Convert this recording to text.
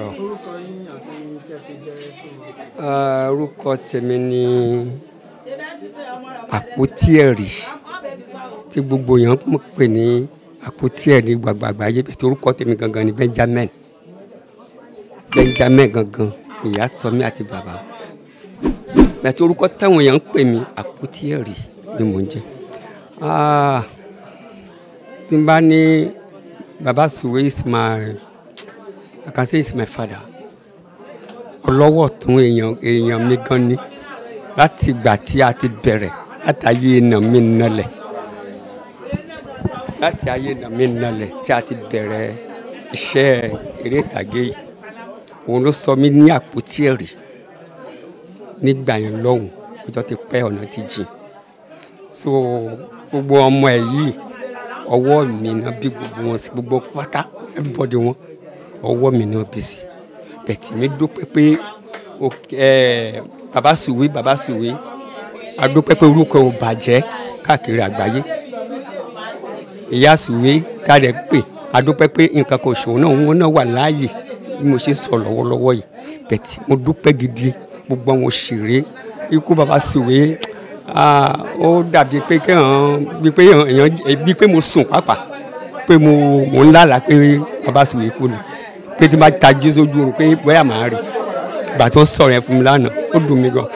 orúkọ yín àti tẹ́ ṣe jẹ́ sí i. orúkọ tèmi ni àpótí ẹ̀rí tí gbogbo èèyàn mọ̀ pé ní àpótí ẹ̀rí gbàgbà àgbáyé bẹ̀tẹ̀ orúkọ tèmi gangan ni Benjamin Benjamin gangan ìyá sọmi àti bàbá bẹ̀tẹ̀ orúkọ táwọn èèyàn ń pè mí àpótí ẹ̀rí ni mò ń jẹ́ tí n bá ní baba Suwe Ismail. I can say it's my father. Ọlọ́wọ́ tún èèyàn èèyàn mi gan ni láti ìgbà tí a ti bẹ̀rẹ̀ láti ayé iná mi nálẹ̀ láti ayé iná mi nálẹ̀ tí a ti bẹ̀rẹ̀ iṣẹ́ eré ìtàgé yìí òun ló sọ mí ní àpótí ẹ̀rí nígbà yẹn lọ́hùn ọjọ́ ti pẹ́ ọ̀nà ti jìn so gbogbo ọmọ ẹ̀ yìí ọwọ́ mi náà bí gbogbo wọn sí gbogbo pátá everybody wọn ọwọ́ mi ní OPC bẹ̀tì mi dúpẹ́ pé baba Suwe baba Suwe adúpẹ́ pé orúkọ ò bàjẹ́ káàkiri àgbáyé ìyá Suwe káàdé pé adúpẹ́ pé nǹkan kan ṣòwò náà wọn náà wà láàyè bí mo ṣe sọ lọ́wọ́lọ́wọ́ yìí bẹ̀tì mo dúpẹ́ gidi gbogbo àwọn òṣèré ikú baba Suwe ó dàbí pé kéèyàn bí pé èèyàn bí pé mo sùn pàápàá pé mo ń lálàá pé baba Suwe kú ni pé tí n bá tají sójú oorun pé bóyá màá rí i bàtọ́ sọ̀rọ̀ yẹn fún mi lánàá ó dùn mí gan.